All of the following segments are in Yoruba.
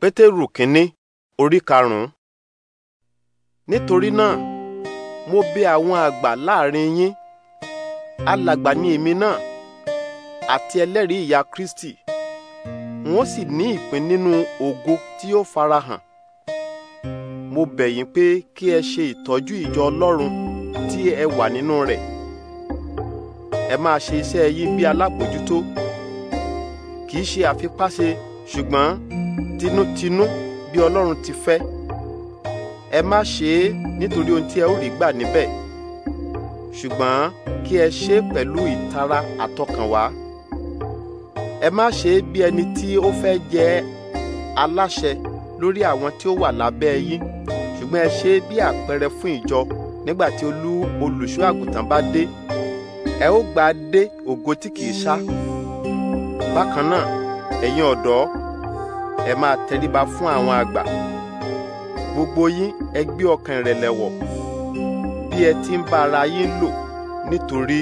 pétérù kínní orí karùnún. nítorí náà mo bẹ̀ àwọn àgbà láàrin yín alàgbà ni èmi náà àti ẹlẹ́rìí ìyà kristi wọ́n sì ní ìpín nínú ògo tí ó farahàn mo bẹ̀ yín pé kí ẹ ṣe ìtọ́jú ìjọ ọlọ́run tí ẹ wà nínú rẹ̀ ẹ máa ṣe iṣẹ́ yín bí alábòjútó kì í ṣe àfipáṣe ṣùgbọ́n tinútinú bí Ọlọ́run ti fẹ́ ẹ má ṣe é nítorí ohun tí ẹ ó rí gbà níbẹ̀ ṣùgbọ́n kí ẹ ṣe é pẹ̀lú ìtara àtọkànwá ẹ má ṣe é bí ẹni tí ó fẹ́ jẹ aláṣẹ lórí àwọn tí ó wà lábẹ́ yín ṣùgbọ́n ẹ ṣe é bí àpẹẹrẹ fún ìjọ nígbà tí olú olùṣọ́ àgùntàn bá dé ẹ ó gba dé ògo tí kìí ṣá bákan náà ẹ̀yin ọ̀dọ́ ẹ máa tẹríba fún àwọn àgbà gbogbo yín ẹ gbé ọkàn ìrẹ̀lẹ̀ wọ̀ bí ẹ ti ń bá ara yín lò nítorí.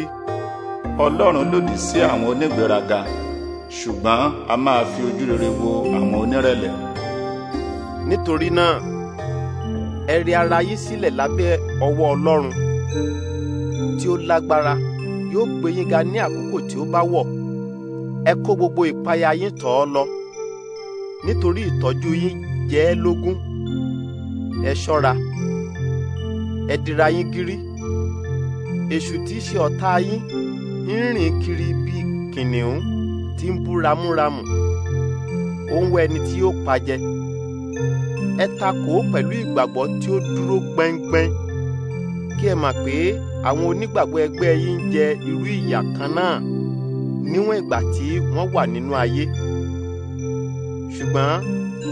ọlọ́run lòdì sí àwọn onígbéraga ṣùgbọ́n a máa fi ojú rere wo àwọn onírẹ̀lẹ̀. nítorí náà ẹ rẹ ara yín sílẹ̀ lábẹ́ ọwọ́ ọlọ́run tí ó lágbára yóò gbé yín ga ní àkókò tí ó bá wọ̀ ẹ kó gbogbo ìpayà yín tọ̀ ọ́ lọ nítorí ìtọ́jú yín jẹ ẹ́ lógún ẹ ṣọ́ra ẹ dira yín gírí èṣù tí í ṣe ọ̀tá yín ń rìn kiri bíi kìnìún tí ń bú ramúramù ó ń wá ẹni tí yóò pa jẹ ẹ takò ó pẹ̀lú ìgbàgbọ́ tí ó dúró gbẹ́ngbẹ́ng kí ẹ mà pé àwọn onígbàgbọ́ ẹgbẹ́ yín jẹ irú ìyà kan náà níwọ̀n ìgbà tí wọ́n wà nínú ayé. No ṣùgbọ́n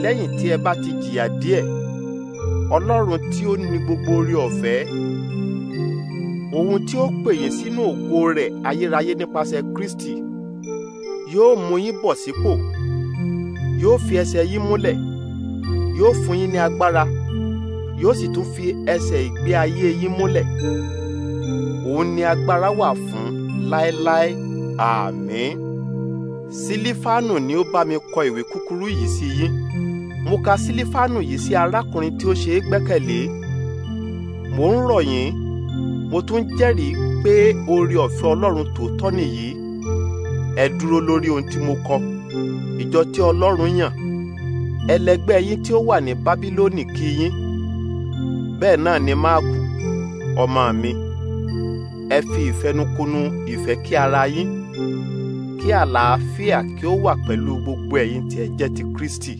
lẹ́yìn tí ẹ bá ti jìyà díẹ̀ ọlọ́run tí ó ní gbogbo orí ọ̀fẹ́ òun tí ó pè yín sínú ògo rẹ̀ ayérayé nípasẹ̀ Kristi yóò mú yín bọ̀ sípò yóò fi ẹsẹ̀ yín múlẹ̀ yóò fún yín ní agbára yóò sì tún fi ẹsẹ̀ ìgbé ayé yín múlẹ̀ òun ni agbára wà fún láéláé àmín sílífánù ni ó bá mi kọ ìwé kúkúrú yìí sí yín mo ka sílífánù yìí sí arákùnrin tí ó ṣe é gbẹ́kẹ̀lé mo ń rọ̀ yín mo tún jẹ́rìí pé oore ọ̀fẹ́ ọlọ́run tòótọ́ nìyí ẹ dúró lórí ohun tí mo kọ ìjọ tí ọlọ́run yàn ẹlẹgbẹ́ yín tí ó wà ní bábílónì kí yín bẹ́ẹ̀ náà ni máàkù ọmọ mi ẹ fi ìfẹnukonu ìfẹ́ kí ara yín kí àlàáfíà kí ó wà pẹ̀lú gbogbo ẹ̀yin tí ẹ jẹ́ ti Kristi.